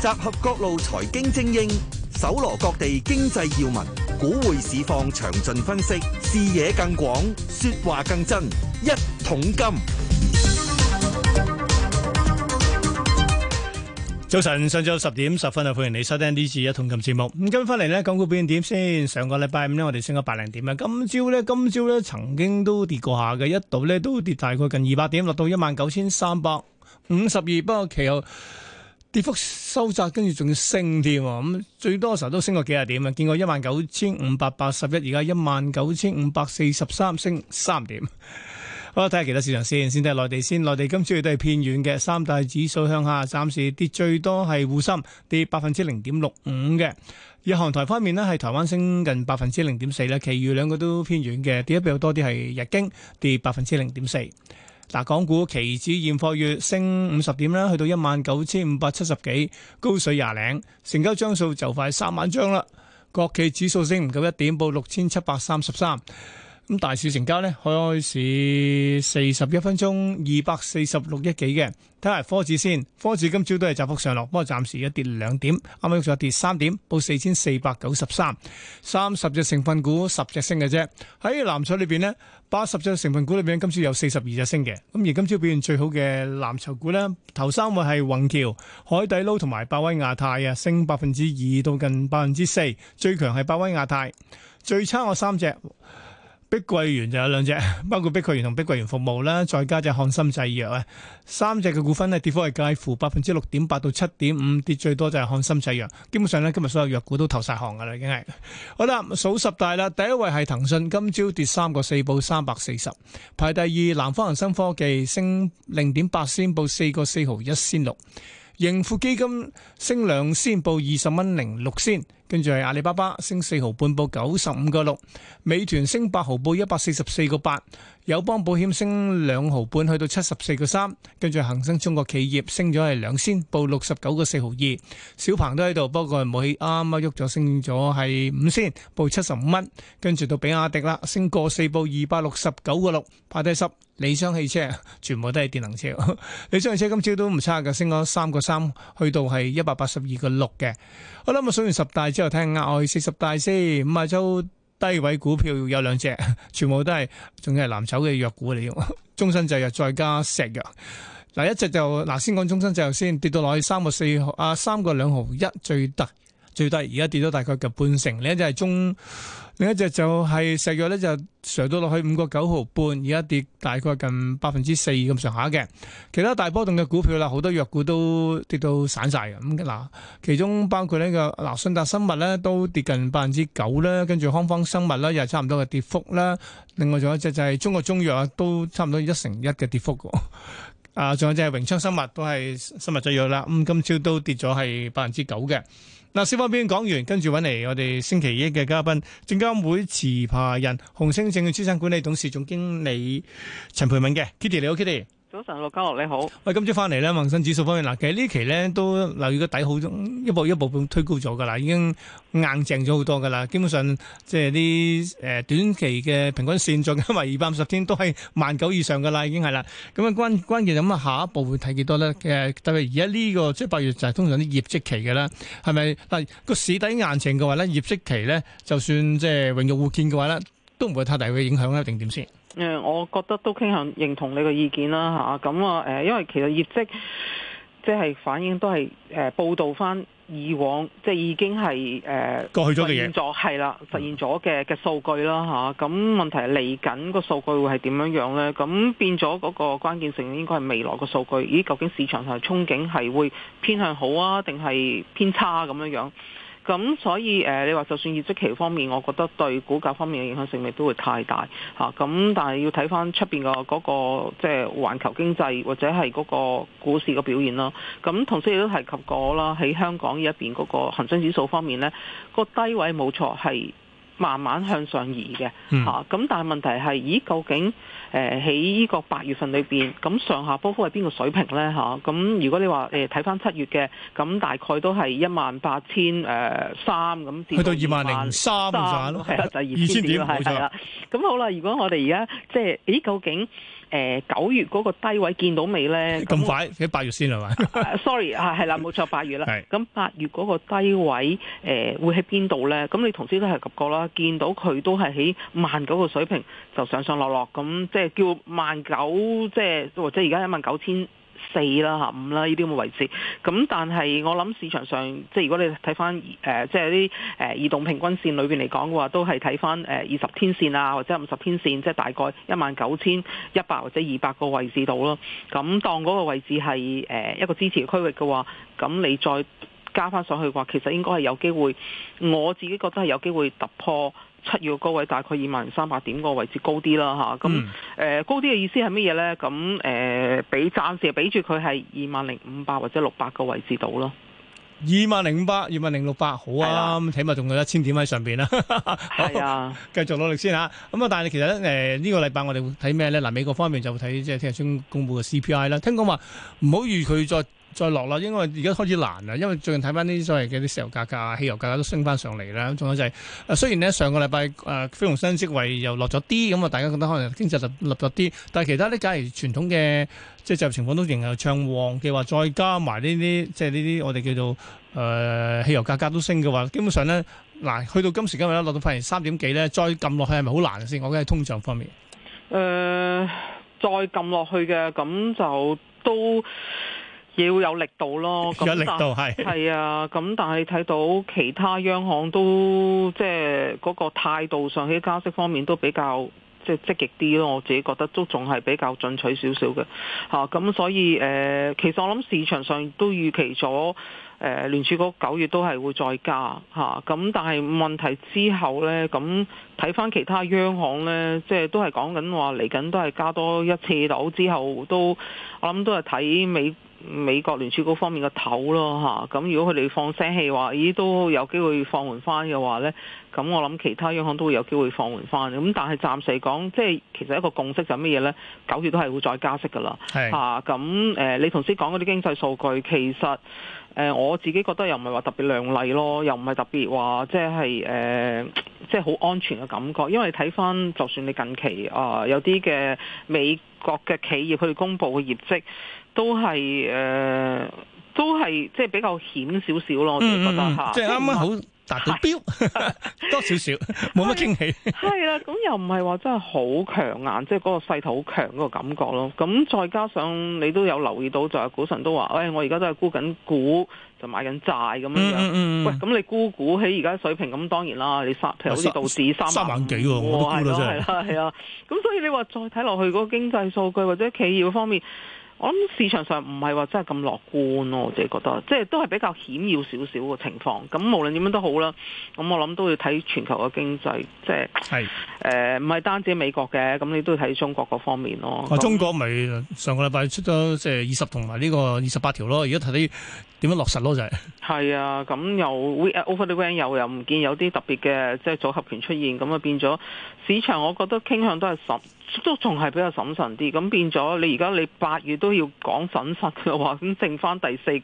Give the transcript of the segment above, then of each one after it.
集合各路財經精英，搜羅各地經濟要聞，股匯市況詳盡分析，視野更廣，說話更真。一桶金。早晨，上晝十點十分啊！歡迎你收聽呢次一桶金節目。咁跟翻嚟呢港股表現點先？上個禮拜五呢我哋升咗百零點啊。今朝呢，今朝呢曾經都跌過下嘅，一度呢都跌大概近二百點，落到一萬九千三百五十二，不過其後，跌幅收窄，跟住仲要升添，咁最多時候都升過幾廿點啊！見過一萬九千五百八十一，而家一萬九千五百四十三，升三點。好，睇下其他市場先，先睇下內地先。內地今朝都係偏軟嘅，三大指數向下，暫時跌最多係滬深跌百分之零點六五嘅。而韓台方面呢，係台灣升近百分之零點四咧，其餘兩個都偏軟嘅，跌得比較多啲係日經跌百分之零點四。嗱，港股期指現貨月升五十點啦，去到一萬九千五百七十幾，高水廿零，成交張數就快三萬張啦。國企指數升唔夠一點，報六千七百三十三。咁大市成交咧，開開市四十一分鐘二百四十六億幾嘅。睇下科指先，科指今朝都係窄幅上落，不過暫時而家跌兩點，啱啱再跌三點，報四千四百九十三。三十隻成分股十隻升嘅啫。喺藍籌裏邊呢，八十隻成分股裏邊，今朝有四十二隻升嘅。咁而今朝表現最好嘅藍籌股呢，頭三位係宏橋、海底撈同埋百威亞太啊，升百分之二到近百分之四。最強係百威亞太，最差我三隻。碧桂園就有兩隻，包括碧桂園同碧桂園服務啦，再加隻漢森製藥啊，三隻嘅股份咧，跌幅係介乎百分之六點八到七點五，跌最多就係漢森製藥。基本上呢，今日所有藥股都投晒行噶啦，已經係。好啦，數十大啦，第一位係騰訊，今朝跌三個四報，三百四十。排第二，南方恒生科技升零點八先報，四個四毫，一先六。盈富基金升兩先報，二十蚊零六先。跟住係阿里巴巴升四毫半，報九十五個六；美團升八毫報一百四十四個八；友邦保險升兩毫半，去到七十四個三；跟住恒生中國企業升咗係兩仙，報六十九個四毫二；小鵬都喺度，不過冇起啱啱喐咗，升咗係五仙，報七十五蚊；跟住到比亞迪啦，升過四，報二百六十九個六；派低十，理想汽車全部都係電能車，理想汽車今朝都唔差嘅，升咗三個三，去到係一百八十二個六嘅。我諗咁數完十大。之後聽下外四十大師，五十二周低位股票有兩隻，全部都係，仲要係藍籌嘅藥股嚟。中生製藥又再加石藥，嗱一直就嗱先講中生製藥先，跌到落去三個四毫、啊、三個毫，啊三個兩毫一最得。最低而家跌咗大概近半成，另一隻係中，另一隻就係石藥咧，就上到落去五個九毫半，而家跌大概近百分之四咁上下嘅。其他大波動嘅股票啦，好多藥股都跌到散晒嘅。咁嗱，其中包括呢、這個嗱信達生物咧，都跌近百分之九啦，跟住康方生物啦，又係差唔多嘅跌幅啦。另外仲有一隻就係中國中藥啊，都差唔多一成一嘅跌幅。啊，仲有隻係榮昌生物都係生物製藥啦，咁、嗯、今朝都跌咗係百分之九嘅。嗱，消防篇講完，跟住揾嚟我哋星期一嘅嘉賓，證監會持牌人、紅星證券資產管理董事總經理陳蓓敏嘅，Kitty 你好，Kitty。早晨，陸嘉樂你好。喂，今朝翻嚟咧，恒生指數方面，嗱，其實呢期咧都留意個底好一步一步咁推高咗噶啦，已經硬淨咗好多噶啦。基本上，即係啲誒短期嘅平均線，因為二百五十天都係萬九以上噶啦，已經係啦。咁啊關關鍵咁啊，下一步會睇幾多咧？誒、呃，特別而家呢個即係八月就係通常啲業績期噶啦，係咪嗱個市底硬淨嘅話咧，業績期咧就算即係榮辱互見嘅話咧。都唔會太大嘅影響一定點先？誒、嗯，我覺得都傾向認同你嘅意見啦，吓咁啊，誒，因為其實業績即係反映都係誒、呃、報道翻以往，即、就、係、是、已經係誒、呃、過去咗嘅嘢，咗係啦，實現咗嘅嘅數據啦，吓、啊、咁問題嚟緊個數據會係點樣樣咧？咁變咗嗰個關鍵性應該係未來個數據，咦？究竟市場上嘅憧憬係會偏向好啊，定係偏差咁、啊、樣樣？咁所以誒、呃，你話就算業績期方面，我覺得對股價方面嘅影響性力都會太大嚇。咁、啊啊、但係要睇翻出面個嗰個即係環球經濟或者係嗰個股市嘅表現咯。咁、啊、同時亦都提及過啦，喺香港呢一邊嗰個恆生指數方面呢，個低位冇錯係。慢慢向上移嘅嚇，咁、啊、但係問題係，咦？究竟誒喺呢個八月份裏邊，咁上下波幅係邊個水平咧嚇？咁如果你話誒睇翻七月嘅，咁大概都係一萬八千誒三咁跌去到二萬零三咁咯，係啊，就二千點咯，係係啦。咁好啦，如果我哋而家即係，咦？究竟？呃誒，九、呃、月嗰個低位見到未呢？咁快喺八我月先係咪 啊、？Sorry 啊，係啦，冇錯，八月啦。咁八 月嗰個低位誒、呃，會喺邊度呢？咁你頭先都係及過啦，見到佢都係喺萬九個水平，就上上落落咁，即係叫萬九，即係或者而家一萬九千。四啦嚇，五啦呢啲咁嘅位置，咁但係我諗市場上，即係如果你睇翻誒，即係啲誒移動平均線裏邊嚟講嘅話，都係睇翻誒二十天線啊，或者五十天線，即係大概一萬九千一百或者二百個位置度咯。咁、嗯、當嗰個位置係誒一個支持區域嘅話，咁你再。加翻上去嘅話，其實應該係有機會。我自己覺得係有機會突破七月高位，大概二萬零三百點個位置高啲啦，嚇、嗯嗯。咁誒高啲嘅意思係乜嘢咧？咁、嗯、誒，畀暫時畀住佢係二萬零五百或者六百個位置到咯。二萬零五百，二萬零六百，好啊，是啊起碼仲有一千點喺上邊啦。係是啊，繼續努力先嚇。咁啊，但係其實誒呢、呃這個禮拜我哋會睇咩咧？嗱、啊，美國方面就會睇即係聽日將公布嘅 CPI 啦。聽講話唔好預佢再。再落啦，因為而家開始難啦，因為最近睇翻啲所謂嘅啲石油價格、汽油價格都升翻上嚟啦。咁仲有就係、是、誒、呃，雖然呢上個禮拜誒非農新職位又落咗啲，咁、嗯、啊大家覺得可能經濟就立咗啲，但係其他啲假如傳統嘅即係就業情況都仍然暢旺嘅話，再加埋呢啲即係呢啲我哋叫做誒、呃、汽油價格都升嘅話，基本上咧嗱、呃，去到今時今日咧落到發現三點幾咧再撳落去係咪好難先？我覺得係通脹方面誒、呃、再撳落去嘅咁就都。要有力度咯，有力度係係但 啊，咁但係睇到其他央行都即係嗰個態度上喺加息方面都比較，即係積極啲咯，我自己覺得都仲係比較進取少少嘅吓。咁、啊、所以誒、呃，其實我諗市場上都預期咗。誒、呃、聯儲局九月都係會再加嚇，咁、啊、但係問題之後呢，咁睇翻其他央行呢，即係都係講緊話嚟緊都係加多一次樓之後都，我諗都係睇美美國聯儲局方面嘅頭咯嚇。咁、啊、如果佢哋放聲氣話，咦都有機會放緩翻嘅話呢，咁我諗其他央行都會有機會放緩翻。咁但係暫時嚟講，即係其實一個共識就係乜嘢呢？九月都係會再加息㗎啦，嚇是。咁誒、啊呃，你頭先講嗰啲經濟數據其實。誒、呃、我自己覺得又唔係話特別亮麗咯，又唔係特別話即係誒，即係好、呃、安全嘅感覺。因為睇返，就算你近期啊、呃、有啲嘅美國嘅企業佢哋公布嘅業績、呃，都係誒，都係即係比較險少少咯。我覺得嚇。啊、即係啱啱好，達標 多少少，冇乜驚喜。係啦，咁又唔係話真係好強硬，即係嗰個勢頭好強嗰個感覺咯。咁再加上你都有留意到，就係股神都話，誒、哎，我而家都係沽緊股，就買緊債咁樣樣。嗯嗯嗯，喂，咁你沽股喺而家水平，咁當然啦，你譬如好似道指三萬幾喎，係咯，係啦，係啊。咁 所以你話再睇落去嗰個經濟數據或者企業方面。我諗市場上唔係話真係咁樂觀咯，我自己覺得，即係都係比較險要少少嘅情況。咁無論點樣都好啦，咁我諗都要睇全球嘅經濟，即係誒唔係單止美國嘅，咁你都要睇中國嗰方面咯、啊說啊。中國咪上個禮拜出咗即係二十同埋呢個二十八條咯，而家睇啲點樣落實咯就係、是。係啊，咁又 over the range 又又唔見有啲特別嘅即係組合拳出現，咁啊變咗市場，我覺得傾向都係十。都仲係比較審慎啲，咁變咗你而家你八月都要講審慎嘅話，咁剩翻第四季。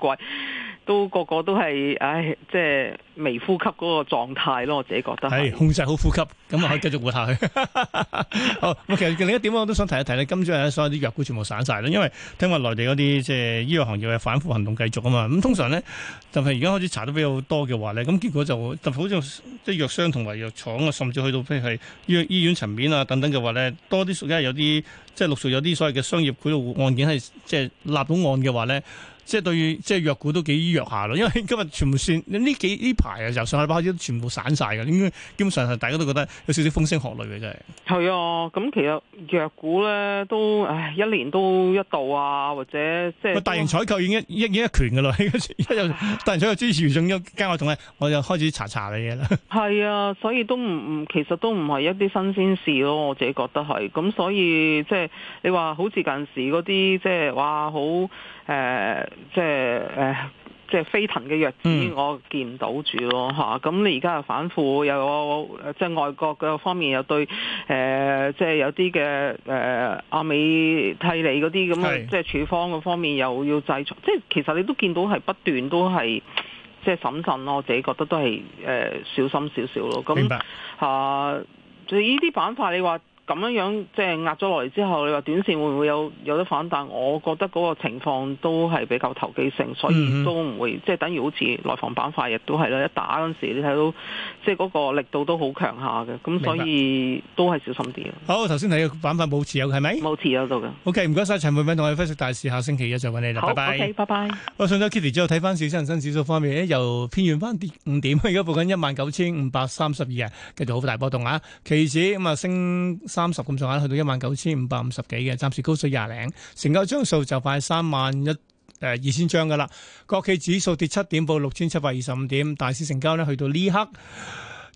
都個個都係，唉，即係微呼吸嗰個狀態咯。我自己覺得係控制好呼吸，咁啊可以繼續活下去。 好，咁其實另一點我都想提一提咧，今朝日所有啲藥股全部散晒啦，因為聽話內地嗰啲即係醫藥行業嘅反腐行動繼續啊嘛。咁通常咧，就係而家開始查得比較多嘅話咧，咁結果就特別好似即係藥商同埋藥廠啊，甚至去到譬如係醫醫院層面啊等等嘅話咧，多啲屬於有啲即係陸續有啲所謂嘅商業賄賂案件係即係立到案嘅話咧。即係對於，即係藥股都幾弱下咯。因為今日全部算呢幾呢排啊，由上禮拜開始全部散晒嘅。應該基本上係大家都覺得有少少風聲鶴唳嘅，真係。係啊，咁其實藥股咧都唉，一年都一度啊，或者即係。大型採購已經一已一,一拳嘅啦。 一有大型採購支持，仲要加我同咧，我就開始查查你嘢啦。係啊，所以都唔唔，其實都唔係一啲新鮮事咯。我自己覺得係咁，所以即係你話好似近時嗰啲即係哇好誒。呃即係誒、呃，即係飛騰嘅藥資，我見唔到住咯嚇。咁、嗯啊、你而家又反腐，又即係外國嘅方面又對誒、呃，即係有啲嘅誒，阿、呃、美替尼嗰啲咁啊，即係處方嗰方面又要製造。是即係其實你都見到係不斷都係即係審慎咯。我自己覺得都係誒、呃、小心少少咯。咁，明白嚇。所以呢啲板塊，你話。咁樣樣即係壓咗落嚟之後，你話短線會唔會有有得反彈？我覺得嗰個情況都係比較投機性，所以都唔會即係等於好似內房板塊亦都係啦。一打嗰陣時你，你睇到即係嗰個力度都好強下嘅，咁、嗯、明白。所以都係小心啲。好，頭先睇嘅板塊冇持有係咪？冇持有到嘅。OK，唔該晒。陳蓓敏同我哋分析大市，下星期一再揾你啦，拜拜。OK，拜拜。好，上咗 Kitty 之後睇翻，小新新指數方面，又偏遠翻跌五點，而家報緊一萬九千五百三十二，繼續好大波動啊！期指咁啊升。三十咁上下，去到一萬九千五百五十幾嘅，暫時高水廿零，成交張數就快三萬一誒二千張㗎喇。國企指數跌七點，報六千七百二十五點。大市成交呢去到呢刻，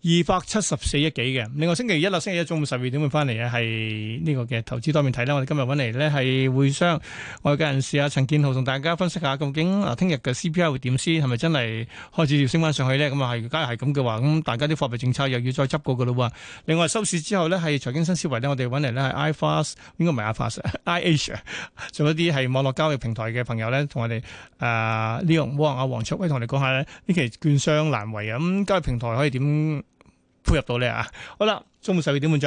二百七十四億幾嘅，另外星期一啦，星期一中午十二點會翻嚟啊，係呢個嘅投資多面睇啦。我哋今日揾嚟咧係匯商外界人士啊，陳建豪同大家分析下究竟嗱，聽日嘅 CPI 會點先，係咪真係開始要升翻上去咧？咁啊，係，如果係咁嘅話，咁大家啲貨幣政策又要再執過嘅咯喎。另外收市之後咧，係財經新思維咧，我哋揾嚟咧係 iFast，應該唔係 iFast，iAsia，仲有啲係網絡交易平台嘅朋友咧，同我哋啊，呢個 Leon Wong 啊，黃卓威同我哋講下咧，呢期券商難為啊，咁交易平台可以點？配合到咧啊！好啦，中午十二點半再。